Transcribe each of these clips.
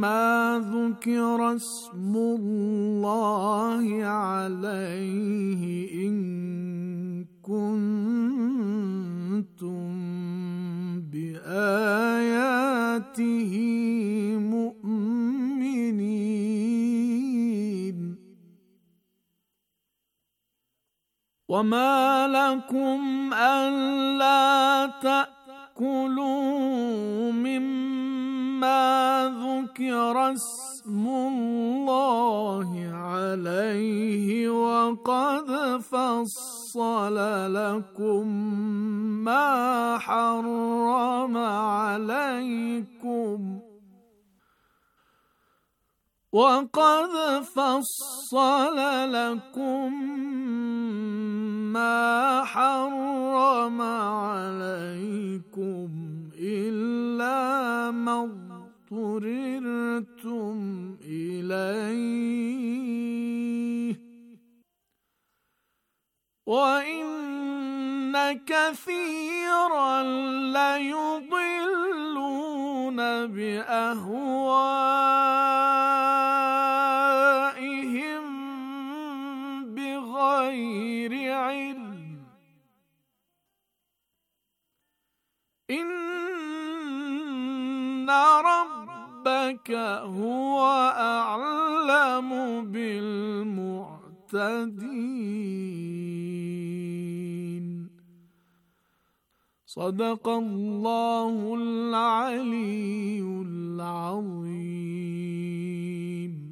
ما ذكر اسم الله عليه إن كنتم بآياته مؤمنين وما لكم ألا تأكلون ذكر اسم الله عليه وقد فصل لكم ما حرم عليكم وقد فصل لكم ما حرم عليكم إلا مضى اضطررتم إليه وإن كثيرا ليضلون بأهوائهم بغير علم إن رَبَّكَ هُوَ أَعْلَمُ بِالْمُعْتَدِينَ صدق الله العلي العظيم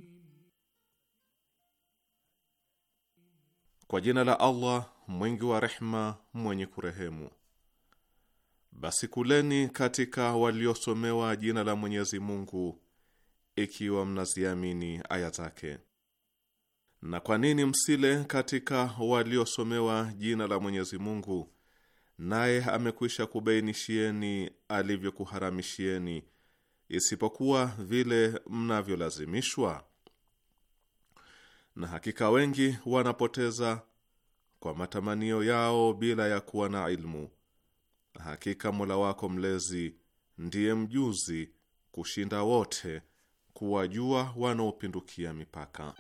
Kwa jina la Allah mwingi wa rehma mwenye kurehemu basi kuleni katika waliosomewa jina la Mwenyezi Mungu ikiwa mnaziamini aya zake. Na kwa nini msile katika waliosomewa jina la Mwenyezi Mungu, naye amekwisha kubainishieni alivyokuharamishieni, isipokuwa vile mnavyolazimishwa? Na hakika wengi wanapoteza kwa matamanio yao bila ya kuwa na ilmu. Hakika Mola wako mlezi ndiye mjuzi kushinda wote kuwajua wanaopindukia mipaka.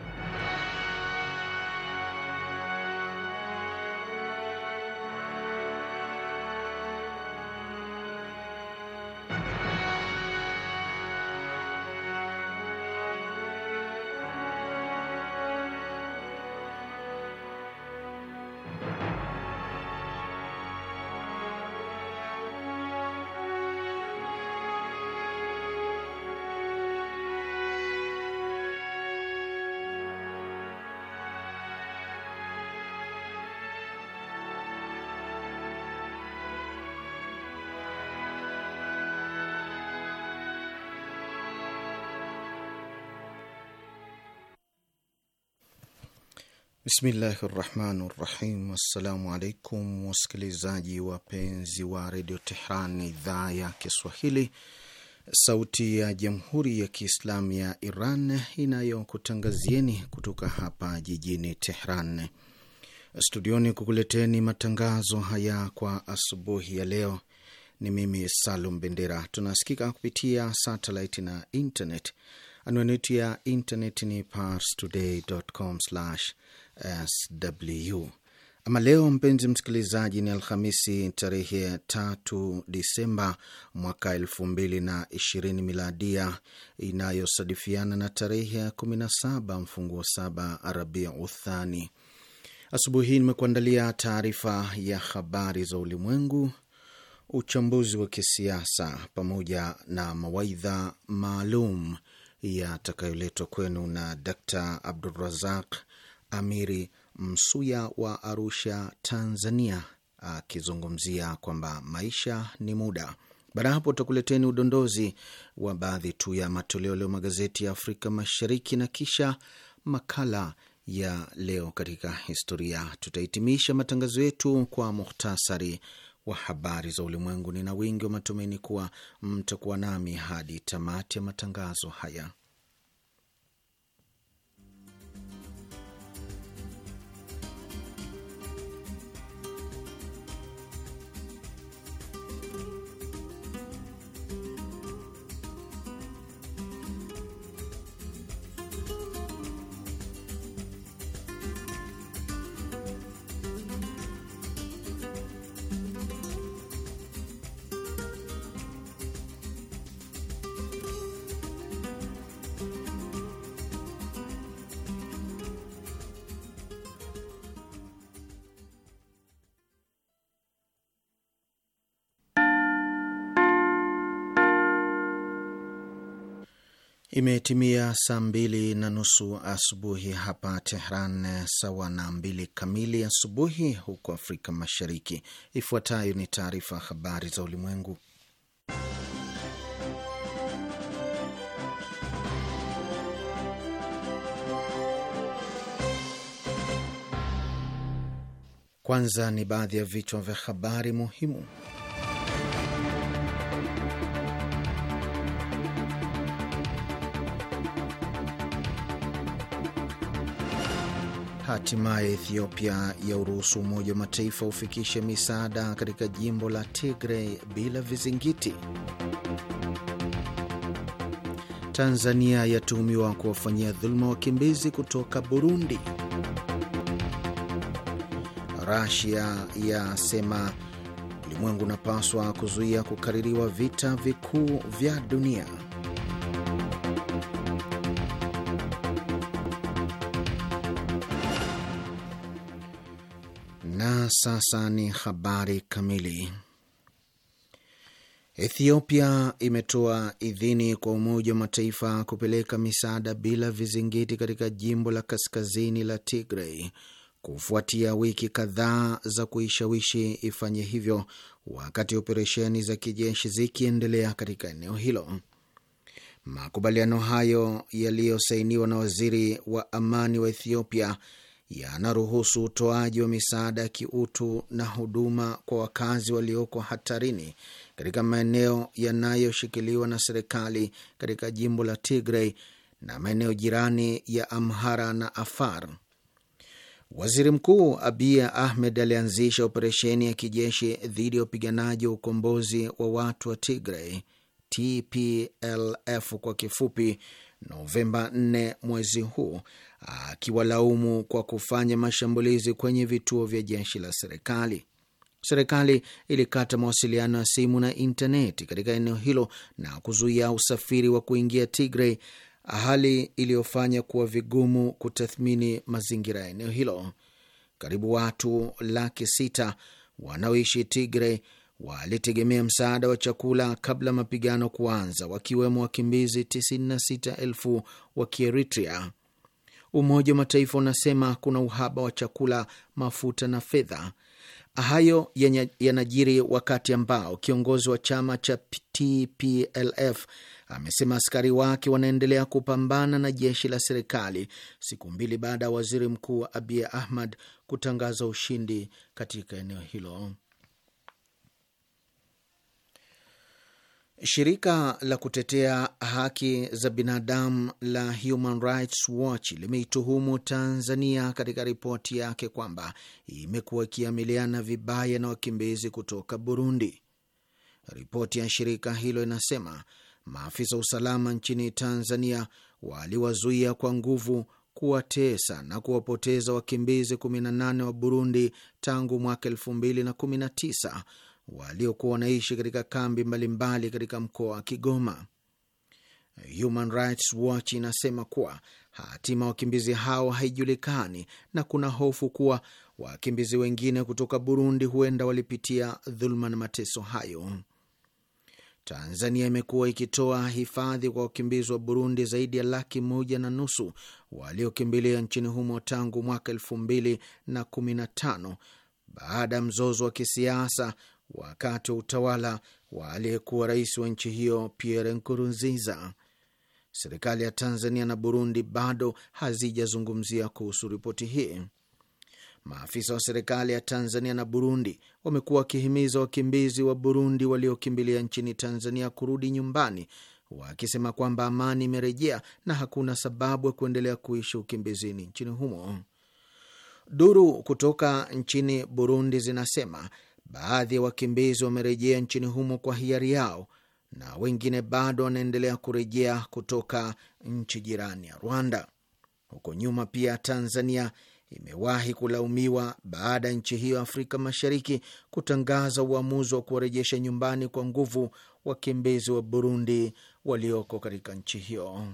Bismillahi rahmani rahim. Assalamu alaikum wasikilizaji wapenzi wa redio Tehran, idhaa ya Kiswahili, sauti ya jamhuri ya Kiislamu ya Iran inayokutangazieni kutoka hapa jijini Tehran studioni kukuleteni matangazo haya kwa asubuhi ya leo. Ni mimi Salum Bendera. Tunasikika kupitia satellite na internet. Anwani yetu ya intaneti ni parstoday.com/sw. Ama leo, mpenzi msikilizaji, ni Alhamisi tarehe ya tatu Disemba mwaka elfu mbili na ishirini miladia inayosadifiana na tarehe ya kumi na saba mfunguo saba Arabia Uthani. Asubuhi hii nimekuandalia taarifa ya habari za ulimwengu, uchambuzi wa kisiasa, pamoja na mawaidha maalum yatakayoletwa kwenu na Dr Abdurazaq Amiri Msuya wa Arusha, Tanzania, akizungumzia kwamba maisha ni muda. Baada ya hapo, tutakuleteni udondozi wa baadhi tu ya matoleo leo magazeti ya Afrika Mashariki na kisha makala ya leo katika historia. Tutahitimisha matangazo yetu kwa muhtasari wa habari za ulimwengu. Nina wingi wa matumaini kuwa mtakuwa nami hadi tamati ya matangazo haya. Imetimia saa mbili na nusu asubuhi hapa Tehran, sawa na mbili kamili asubuhi huko Afrika Mashariki. Ifuatayo ni taarifa habari za ulimwengu, kwanza ni baadhi ya vichwa vya habari muhimu. Hatimaye Ethiopia ya uruhusu Umoja wa Mataifa ufikishe misaada katika jimbo la Tigray bila vizingiti. Tanzania yatuhumiwa kuwafanyia dhuluma wakimbizi kutoka Burundi. Rasia yasema ulimwengu unapaswa kuzuia kukaririwa vita vikuu vya dunia. sasa ni habari kamili. Ethiopia imetoa idhini kwa Umoja wa Mataifa kupeleka misaada bila vizingiti katika jimbo la kaskazini la Tigray kufuatia wiki kadhaa za kuishawishi ifanye hivyo, wakati operesheni za kijeshi zikiendelea katika eneo hilo. Makubaliano hayo yaliyosainiwa na waziri wa amani wa Ethiopia yanaruhusu utoaji wa misaada ya kiutu na huduma kwa wakazi walioko hatarini katika maeneo yanayoshikiliwa na serikali katika jimbo la Tigray na maeneo jirani ya Amhara na Afar. Waziri Mkuu Abiy Ahmed alianzisha operesheni ya kijeshi dhidi ya upiganaji wa ukombozi wa watu wa Tigray, TPLF kwa kifupi, Novemba 4 mwezi huu akiwalaumu kwa kufanya mashambulizi kwenye vituo vya jeshi la serikali. Serikali ilikata mawasiliano ya simu na intaneti katika eneo hilo na kuzuia usafiri wa kuingia Tigray, hali iliyofanya kuwa vigumu kutathmini mazingira ya eneo hilo. Karibu watu laki sita wanaoishi Tigray walitegemea msaada wa chakula kabla mapigano kuanza, wakiwemo wakimbizi 96,000 wa Kieritrea. Umoja wa Mataifa unasema kuna uhaba wa chakula, mafuta na fedha. Hayo yanajiri wakati ambao kiongozi wa chama cha TPLF amesema askari wake wanaendelea kupambana na jeshi la serikali siku mbili baada ya waziri mkuu Abiy Ahmed kutangaza ushindi katika eneo hilo. Shirika la kutetea haki za binadamu la Human Rights Watch limeituhumu Tanzania katika ripoti yake kwamba imekuwa ikiamiliana vibaya na wakimbizi kutoka Burundi. Ripoti ya shirika hilo inasema maafisa wa usalama nchini Tanzania waliwazuia kwa nguvu, kuwatesa na kuwapoteza wakimbizi 18 wa Burundi tangu mwaka 2019 waliokuwa wanaishi katika kambi mbalimbali katika mkoa wa Kigoma. Human Rights Watch inasema kuwa hatima wakimbizi hao haijulikani na kuna hofu kuwa wakimbizi wengine kutoka Burundi huenda walipitia dhuluma na mateso hayo. Tanzania imekuwa ikitoa hifadhi kwa wakimbizi wa Burundi zaidi ya laki moja na nusu waliokimbilia nchini humo tangu mwaka elfu mbili na kumi na tano baada ya mzozo wa kisiasa wakati wa utawala wa aliyekuwa rais wa nchi hiyo Pierre Nkurunziza. Serikali ya Tanzania na Burundi bado hazijazungumzia kuhusu ripoti hii. Maafisa wa serikali ya Tanzania na Burundi wamekuwa wakihimiza wakimbizi wa Burundi waliokimbilia nchini Tanzania kurudi nyumbani, wakisema kwamba amani imerejea na hakuna sababu ya kuendelea kuishi ukimbizini nchini humo. Duru kutoka nchini Burundi zinasema Baadhi ya wakimbizi wamerejea nchini humo kwa hiari yao na wengine bado wanaendelea kurejea kutoka nchi jirani ya Rwanda. Huko nyuma pia Tanzania imewahi kulaumiwa baada ya nchi hiyo ya Afrika Mashariki kutangaza uamuzi wa kuwarejesha nyumbani kwa nguvu wakimbizi wa Burundi walioko katika nchi hiyo.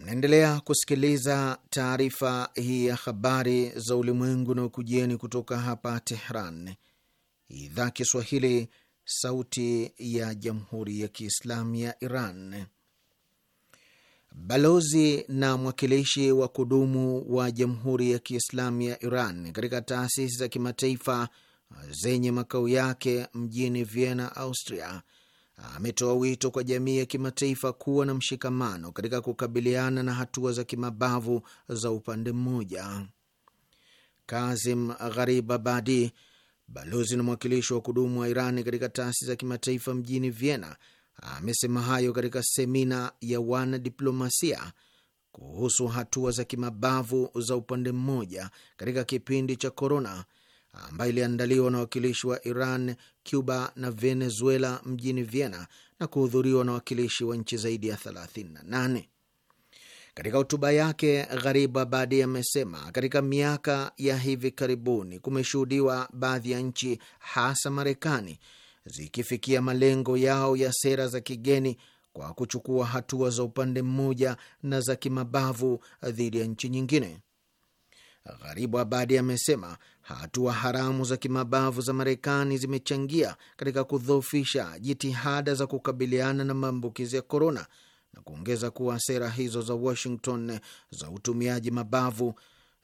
Mnaendelea kusikiliza taarifa hii ya habari za ulimwengu na ukujieni kutoka hapa Tehran, idhaa Kiswahili, sauti ya jamhuri ya kiislamu ya Iran. Balozi na mwakilishi wa kudumu wa jamhuri ya kiislamu ya Iran katika taasisi za kimataifa zenye makao yake mjini Vienna, Austria ametoa wito kwa jamii ya kimataifa kuwa na mshikamano katika kukabiliana na hatua za kimabavu za upande mmoja. Kazim Gharib Abadi, balozi na mwakilishi wa kudumu wa Irani katika taasisi za kimataifa mjini Vienna, amesema hayo katika semina ya wanadiplomasia kuhusu hatua za kimabavu za upande mmoja katika kipindi cha korona ambayo iliandaliwa na wakilishi wa Iran, Cuba na Venezuela mjini Vienna na kuhudhuriwa na wakilishi wa nchi zaidi ya 38. Katika hotuba yake Gharib Abadi amesema katika miaka ya hivi karibuni kumeshuhudiwa baadhi ya nchi hasa Marekani zikifikia malengo yao ya sera za kigeni kwa kuchukua hatua za upande mmoja na za kimabavu dhidi ya nchi nyingine. Gharibu Abadi amesema hatua haramu za kimabavu za Marekani zimechangia katika kudhoofisha jitihada za kukabiliana na maambukizi ya korona, na kuongeza kuwa sera hizo za Washington za utumiaji mabavu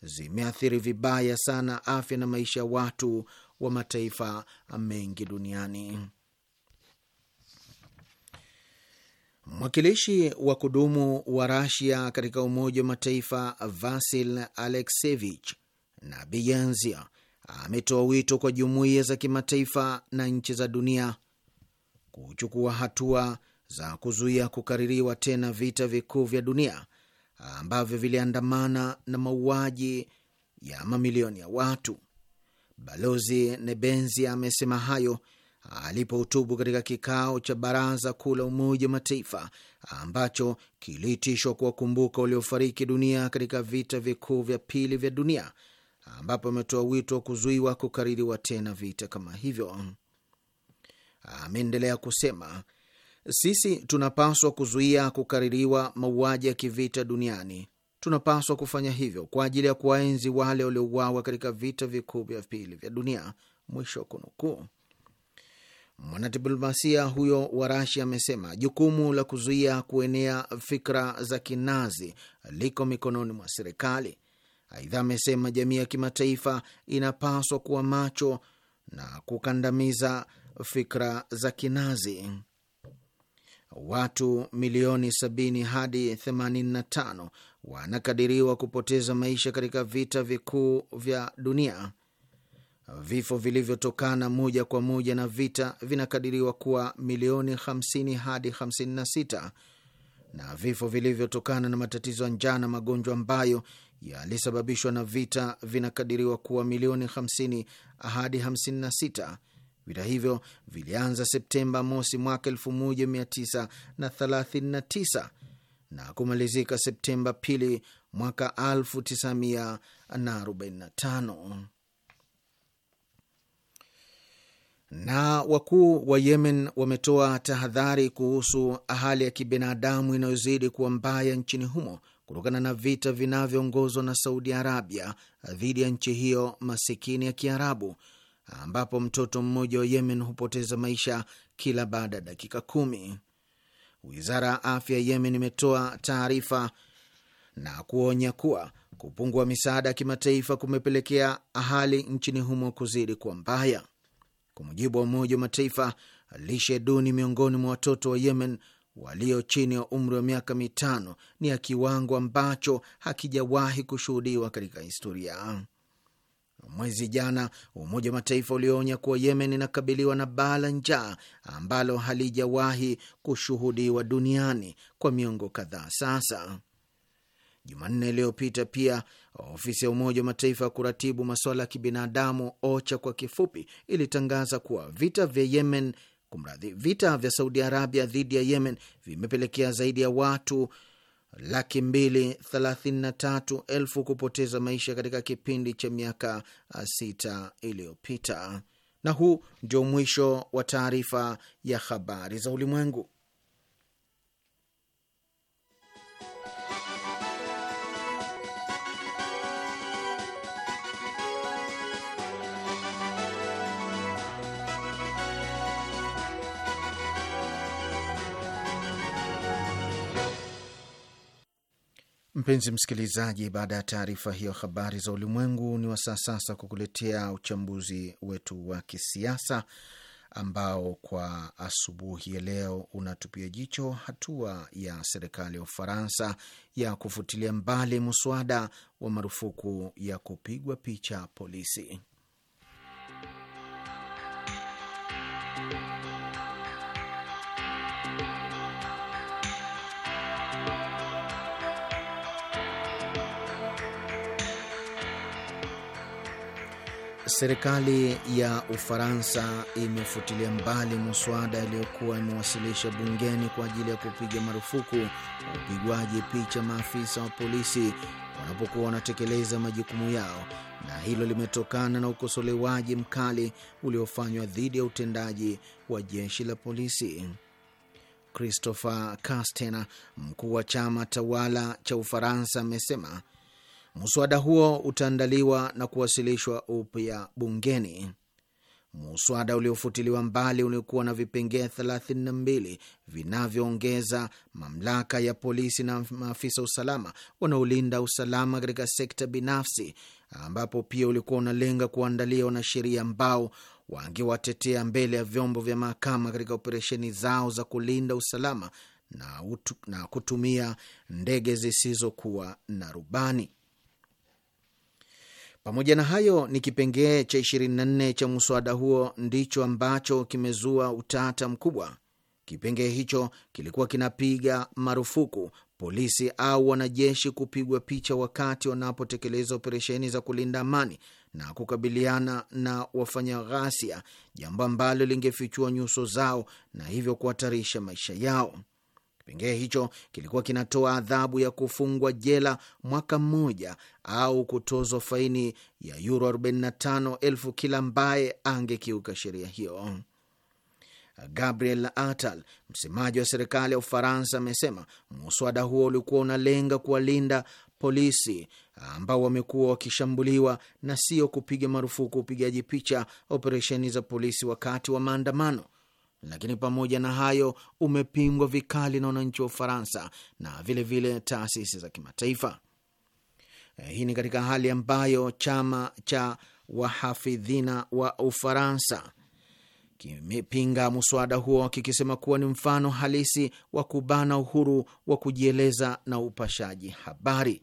zimeathiri vibaya sana afya na maisha ya watu wa mataifa mengi duniani. Mwakilishi wa kudumu wa Rasia katika Umoja wa Mataifa Vasil Aleksevich na Biyanzia ametoa wito kwa jumuiya za kimataifa na nchi za dunia kuchukua hatua za kuzuia kukaririwa tena vita vikuu vya dunia ambavyo viliandamana na mauaji ya mamilioni ya watu. Balozi Nebenzia amesema hayo alipohutubu katika kikao cha baraza kuu la Umoja wa Mataifa ambacho kiliitishwa kuwakumbuka waliofariki dunia katika vita vikuu vya pili vya dunia, ambapo ametoa wito wa kuzuiwa kukaririwa tena vita kama hivyo. Ameendelea kusema, sisi tunapaswa kuzuia kukaririwa mauaji ya kivita duniani. Tunapaswa kufanya hivyo kwa ajili ya kuwaenzi wale waliouawa katika vita vikuu vya pili vya dunia. Mwisho wa kunukuu. Mwanadiplomasia huyo wa Rasia amesema jukumu la kuzuia kuenea fikra za kinazi liko mikononi mwa serikali. Aidha, amesema jamii ya kimataifa inapaswa kuwa macho na kukandamiza fikra za kinazi. Watu milioni sabini hadi 85 wanakadiriwa kupoteza maisha katika vita vikuu vya dunia. Vifo vilivyotokana moja kwa moja na vita vinakadiriwa kuwa milioni 50 hadi 56 na vifo vilivyotokana na matatizo ya njaa na magonjwa ambayo yalisababishwa na vita vinakadiriwa kuwa milioni 50 hadi 56. Vita hivyo vilianza Septemba mosi mwaka 1939 na kumalizika Septemba pili mwaka 1945. Na wakuu wa Yemen wametoa tahadhari kuhusu hali ya kibinadamu inayozidi kuwa mbaya nchini humo kutokana na vita vinavyoongozwa na Saudi Arabia dhidi ya nchi hiyo masikini ya Kiarabu, ambapo mtoto mmoja wa Yemen hupoteza maisha kila baada ya dakika kumi. Wizara ya afya ya Yemen imetoa taarifa na kuonya kuwa kupungua misaada ya kimataifa kumepelekea hali nchini humo kuzidi kuwa mbaya. Kwa mujibu wa Umoja wa Mataifa, lishe duni miongoni mwa watoto wa Yemen walio chini ya umri wa miaka mitano ni ya kiwango ambacho hakijawahi kushuhudiwa katika historia. Mwezi jana Umoja wa Mataifa ulionya kuwa Yemen inakabiliwa na baa la njaa ambalo halijawahi kushuhudiwa duniani kwa miongo kadhaa sasa. Jumanne iliyopita pia Ofisi ya Umoja wa Mataifa ya kuratibu masuala ya kibinadamu OCHA kwa kifupi ilitangaza kuwa vita vya Yemen, kumradhi, vita vya Saudi Arabia dhidi ya Yemen vimepelekea zaidi ya watu laki mbili thelathini na tatu elfu kupoteza maisha katika kipindi cha miaka sita iliyopita. Na huu ndio mwisho wa taarifa ya habari za ulimwengu. Mpenzi msikilizaji, baada ya taarifa hiyo habari za ulimwengu, ni wasaa sasa kukuletea uchambuzi wetu wa kisiasa ambao kwa asubuhi ya leo unatupia jicho hatua ya serikali ya Ufaransa ya kufutilia mbali muswada wa marufuku ya kupigwa picha polisi. Serikali ya Ufaransa imefutilia mbali muswada yaliyokuwa imewasilisha bungeni kwa ajili ya kupiga marufuku upigwaji picha maafisa wa polisi wanapokuwa wanatekeleza majukumu yao, na hilo limetokana na ukosolewaji mkali uliofanywa dhidi ya utendaji wa jeshi la polisi. Christopher Castaner, mkuu wa chama tawala cha Ufaransa, amesema Muswada huo utaandaliwa na kuwasilishwa upya bungeni. Muswada uliofutiliwa mbali uliokuwa na vipengee 32 vinavyoongeza mamlaka ya polisi na maafisa usalama wanaolinda usalama katika sekta binafsi, ambapo pia ulikuwa unalenga kuandalia wanasheria ambao wangewatetea mbele ya vyombo vya mahakama katika operesheni zao za kulinda usalama na, utu, na kutumia ndege zisizokuwa na rubani. Pamoja na hayo, ni kipengee cha 24 cha mswada huo ndicho ambacho kimezua utata mkubwa. Kipengee hicho kilikuwa kinapiga marufuku polisi au wanajeshi kupigwa picha wakati wanapotekeleza operesheni za kulinda amani na kukabiliana na wafanya ghasia, jambo ambalo lingefichua nyuso zao na hivyo kuhatarisha maisha yao. Kipengee hicho kilikuwa kinatoa adhabu ya kufungwa jela mwaka mmoja au kutozwa faini ya yuro elfu kila ambaye angekiuka sheria hiyo. Gabriel Attal, msemaji wa serikali ya Ufaransa, amesema muswada huo ulikuwa unalenga kuwalinda polisi ambao wamekuwa wakishambuliwa na sio kupiga marufuku upigaji picha operesheni za polisi wakati wa maandamano. Lakini pamoja na hayo, umepingwa vikali na wananchi wa Ufaransa na vilevile taasisi za kimataifa. Eh, hii ni katika hali ambayo chama cha wahafidhina wa Ufaransa kimepinga muswada huo kikisema kuwa ni mfano halisi wa kubana uhuru wa kujieleza na upashaji habari.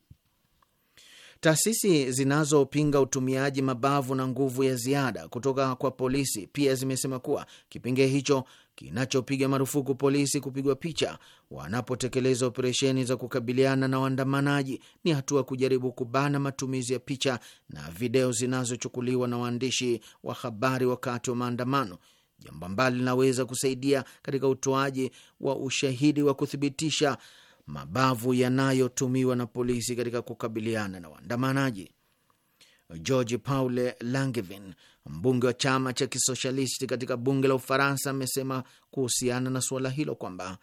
Taasisi zinazopinga utumiaji mabavu na nguvu ya ziada kutoka kwa polisi pia zimesema kuwa kipengee hicho kinachopiga marufuku polisi kupigwa picha wanapotekeleza operesheni za kukabiliana na waandamanaji ni hatua kujaribu kubana matumizi ya picha na video zinazochukuliwa na waandishi wa habari wakati wa maandamano, jambo ambalo linaweza kusaidia katika utoaji wa ushahidi wa kuthibitisha mabavu yanayotumiwa na polisi katika kukabiliana na waandamanaji. George Paul Langevin, mbunge wa chama cha kisoshalisti katika bunge la Ufaransa, amesema kuhusiana na suala hilo kwamba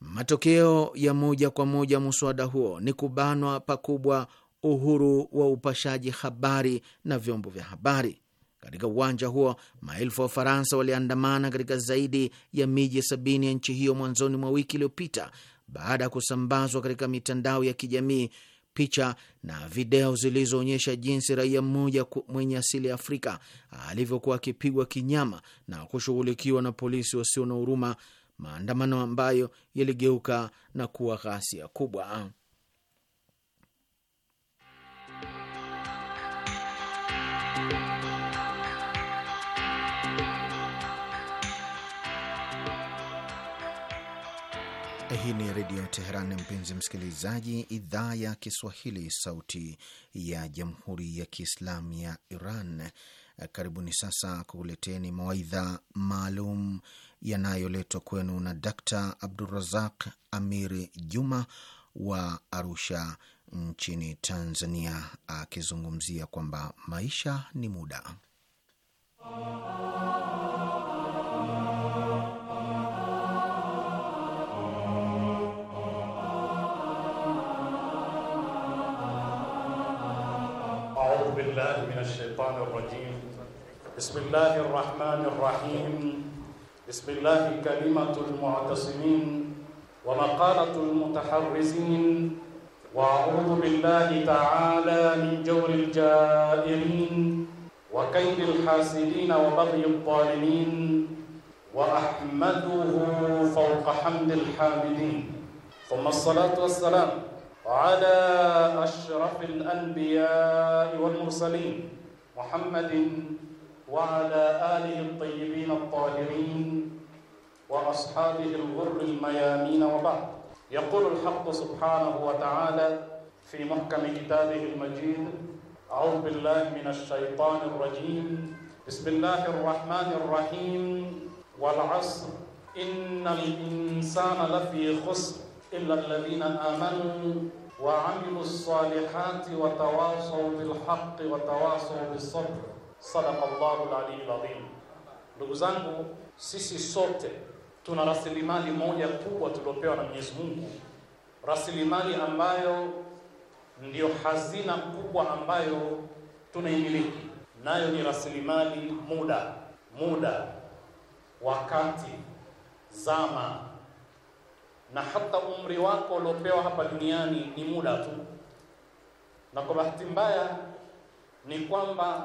matokeo ya moja kwa moja muswada huo ni kubanwa pakubwa uhuru wa upashaji habari na vyombo vya habari. Katika uwanja huo maelfu ya Wafaransa waliandamana katika zaidi ya miji sabini ya nchi hiyo mwanzoni mwa wiki iliyopita baada ya kusambazwa katika mitandao ya kijamii picha na video zilizoonyesha jinsi raia mmoja mwenye asili ya Afrika alivyokuwa akipigwa kinyama na kushughulikiwa na polisi wasio na huruma, maandamano ambayo yaligeuka na kuwa ghasia kubwa. Hii ni Redio Teheran, mpenzi msikilizaji, idhaa ya Kiswahili, sauti ya Jamhuri ya Kiislamu ya Iran. Karibuni sasa kukuleteni mawaidha maalum yanayoletwa kwenu na Dakta Abdurazaq amir Juma wa Arusha nchini Tanzania, akizungumzia kwamba maisha ni muda بالله من الشيطان الرجيم بسم الله الرحمن الرحيم بسم الله كلمة المعتصمين ومقالة المتحرزين وأعوذ بالله تعالى من جور الجائرين وكيد الحاسدين وبغي الظالمين وأحمده فوق حمد الحامدين ثم الصلاة والسلام وعلى أشرف الأنبياء والمرسلين محمد وعلى آله الطيبين الطاهرين وأصحابه الغر الميامين وبعد يقول الحق سبحانه وتعالى في محكم كتابه المجيد أعوذ بالله من الشيطان الرجيم بسم الله الرحمن الرحيم والعصر إن الإنسان لفي خسر illa alladhina amanu wa amilu salihati wa tawasaw bil haqqi wa tawasaw bis sabr. Sadaqa Allahu al Ndugu zangu, sisi sote tuna rasilimali moja kubwa tuliopewa na Mwenyezi Mungu, rasilimali ambayo ndiyo hazina kubwa ambayo tunaimiliki, nayo ni rasilimali muda, muda, wakati, zama na hata umri wako uliopewa hapa duniani ni muda tu, na kwa bahati mbaya ni kwamba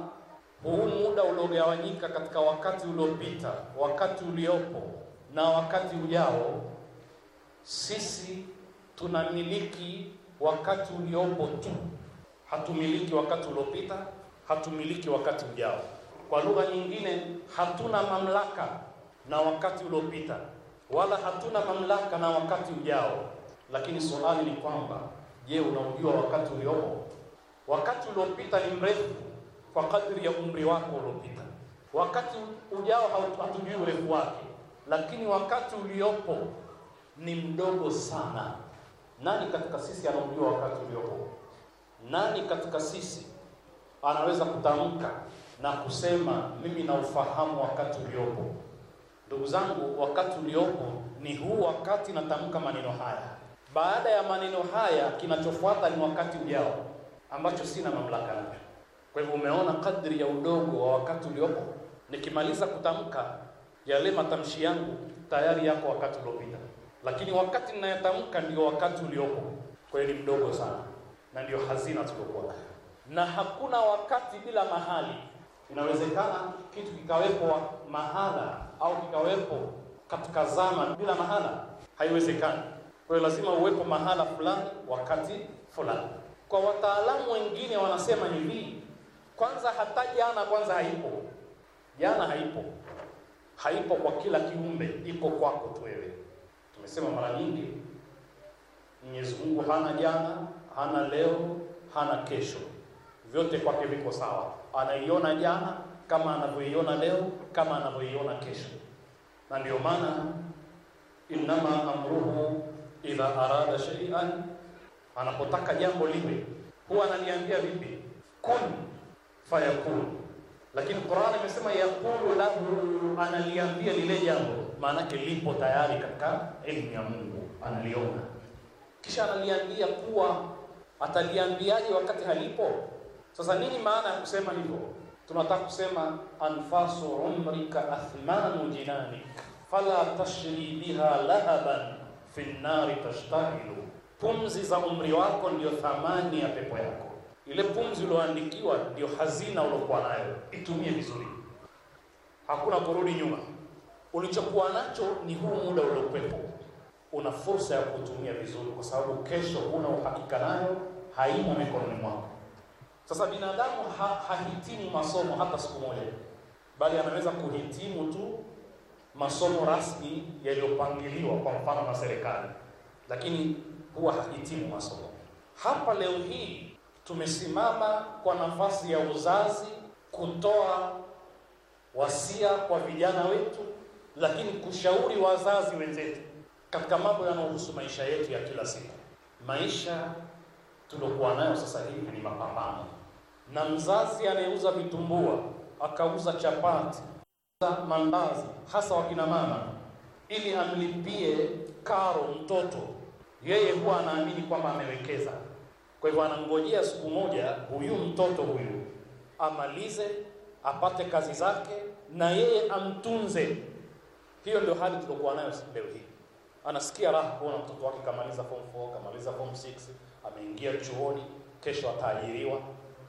huu muda uliogawanyika katika wakati uliopita, wakati uliopo na wakati ujao, sisi tunamiliki wakati uliopo tu, hatumiliki wakati uliopita, hatumiliki wakati ujao. Kwa lugha nyingine, hatuna mamlaka na wakati uliopita wala hatuna mamlaka na wakati ujao. Lakini swali ni kwamba, je, unaujua wakati uliopo? Wakati uliopita ni mrefu kwa kadri ya umri wako uliopita. Wakati ujao hatujui urefu wake, lakini wakati uliopo ni mdogo sana. Nani katika sisi anaujua wakati uliopo? Nani katika sisi anaweza kutamka na kusema mimi na ufahamu wakati uliopo? Ndugu zangu, wakati uliopo ni huu wakati natamka maneno haya. Baada ya maneno haya, kinachofuata ni wakati ujao ambacho sina mamlaka nayo. Kwa hivyo, umeona kadri ya udogo wa wakati uliopo. Nikimaliza kutamka yale matamshi yangu, tayari yako wakati uliopita, lakini wakati ninayotamka ndio wakati uliopo. Kwa hiyo ni mdogo sana, na ndio hazina tuliokuwa nayo, na hakuna wakati bila mahali. Inawezekana kitu kikawepo mahala au kikawepo katika zama bila mahala, haiwezekani. Kwa hiyo lazima uwepo mahala fulani wakati fulani. Kwa wataalamu wengine wanasema hivi, kwanza hata jana kwanza haipo, jana haipo, haipo kwa kila kiumbe, ipo kwako tu wewe. Tumesema mara nyingi, Mwenyezi Mungu hana jana, hana leo, hana kesho, vyote kwake viko sawa. Anaiona jana kama anavyoiona leo, kama anavyoiona kesho. Na ndio maana innama amruhu idha arada shay'an, anapotaka jambo liwe huwa ananiambia vipi, kun fayakun. Lakini Qur'an imesema yaqulu lahu, analiambia lile jambo, maana yake lipo tayari katika elimu ya Mungu, analiona kisha analiambia kuwa ataliambiaje wakati halipo. Sasa nini maana ya kusema hivyo? tunataka kusema anfasu umrika athmanu jinanik fala tashri biha lahaban fi nnari tashtahilu, pumzi za umri wako ndiyo thamani ya pepo yako. Ile pumzi ulioandikiwa ndiyo hazina uliokuwa nayo, itumie vizuri, hakuna kurudi nyuma. Ulichokuwa nacho ni huu muda uliokuwepo, una fursa ya kutumia vizuri, kwa sababu kesho huna uhakika nayo, haimo mikononi mwako. Sasa binadamu ha, hahitimu masomo hata siku moja, bali anaweza kuhitimu tu masomo rasmi yaliyopangiliwa kwa mfano na serikali, lakini huwa hahitimu masomo. Hapa leo hii tumesimama kwa nafasi ya uzazi kutoa wasia kwa vijana wetu, lakini kushauri wazazi wenzetu katika mambo yanayohusu maisha yetu ya kila siku. Maisha tuliokuwa nayo sasa hivi ni mapambano na mzazi anayeuza vitumbua akauza chapati mandazi, hasa wakina mama, ili amlipie karo mtoto, yeye huwa anaamini kwamba amewekeza. Kwa hivyo anangojea siku moja huyu mtoto huyu amalize, apate kazi zake na yeye amtunze. Hiyo ndio hali tuliokuwa nayo leo hii. Anasikia raha kuona mtoto wake kamaliza form 4, kamaliza form 6, ameingia chuoni, kesho ataajiriwa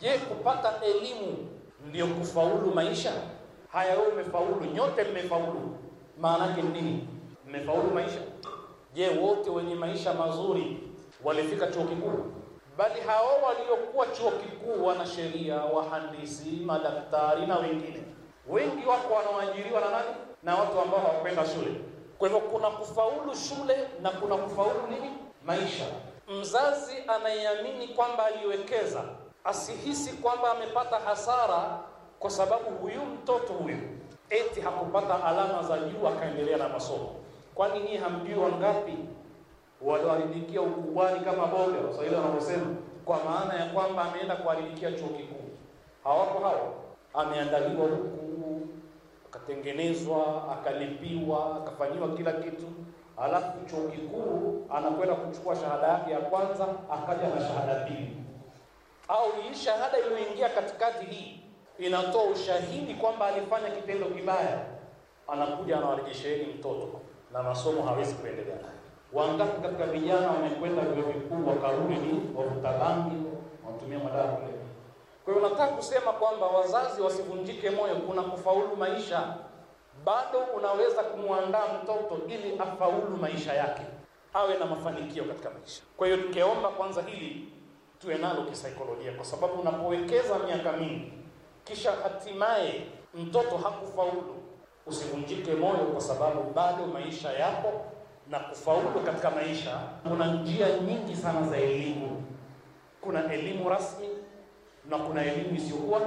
Je, kupata elimu ndiyo kufaulu maisha haya? Wewe umefaulu, nyote mmefaulu. Maana yake nini? Mmefaulu maisha. Je, wote wenye maisha mazuri walifika chuo kikuu? Bali hao waliokuwa chuo kikuu, wanasheria, wahandisi, madaktari na wengine wengi, wako wanaoajiriwa na nani? Na watu ambao hawakwenda shule. Kwa hivyo kuna kufaulu shule na kuna kufaulu nini, maisha. Mzazi anayeamini kwamba aliwekeza asihisi kwamba amepata hasara kwa sababu huyu mtoto huyu eti hakupata alama za juu akaendelea na masomo. Kwani ni hamjui wangapi walioharibikia ukubwani kama boga, Waswahili wanaposema, kwa maana ya kwamba ameenda kuharibikia chuo kikuu. Hawako hao, ameandaliwa huku, akatengenezwa, akalipiwa, akafanyiwa kila kitu, alafu chuo kikuu anakwenda kuchukua shahada yake ya kwanza, akaja na shahada pili au hii shahada iliyoingia katikati hii inatoa ushahidi kwamba alifanya kitendo kibaya, anakuja anawarejesheni mtoto na masomo hawezi kuendelea nayo. Wangapi katika vijana wamekwenda vyuo vikuu wakarudi ni wavuta bangi, wanatumia madawa kulevya. Kwa hiyo nataka kusema kwamba wazazi wasivunjike moyo, kuna kufaulu maisha, bado unaweza kumwandaa mtoto ili afaulu maisha yake, awe na mafanikio katika maisha. Kwa hiyo tukeomba kwanza hili tuwe nalo kisaikolojia, kwa sababu unapowekeza miaka mingi kisha hatimaye mtoto hakufaulu, usivunjike moyo, kwa sababu bado maisha yapo na kufaulu katika maisha kuna njia nyingi sana za elimu. Kuna elimu rasmi na kuna elimu isiyokuwa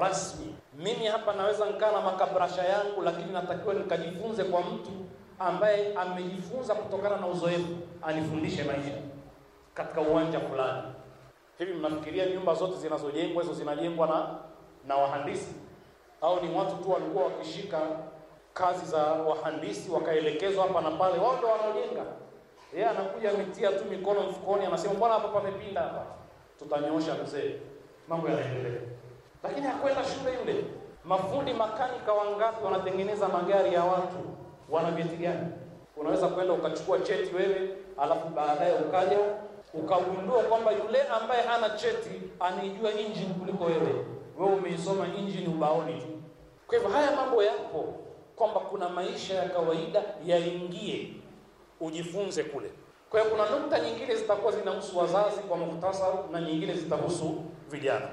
rasmi. Mimi hapa naweza nikaa na makabrasha yangu, lakini natakiwa nikajifunze kwa mtu ambaye amejifunza kutokana na uzoefu, anifundishe maisha katika uwanja fulani. Hivi mnafikiria nyumba zote zinazojengwa hizo zinajengwa na na wahandisi au ni watu tu walikuwa wakishika kazi za wahandisi wakaelekezwa hapa na pale, wao ndio wanaojenga? Yeye anakuja ametia tu mikono mfukoni, anasema bwana, hapa pamepinda, hapa tutanyosha mzee, mambo yanaendelea. Lakini hakwenda shule yule. Mafundi makanika wangapi wanatengeneza magari ya watu? Wana vyeti gani? Unaweza kwenda ukachukua cheti wewe, alafu baadaye ukaja ukagundua kwamba yule ambaye hana cheti anaijua injini kuliko wewe, wewe umeisoma injini ubaoni tu. Kwa hivyo haya mambo yapo, kwamba kuna maisha ya kawaida yaingie, ujifunze kule. Kwa hiyo kuna nukta nyingine zitakuwa zinahusu wazazi kwa muhtasari, na nyingine zitahusu vijana.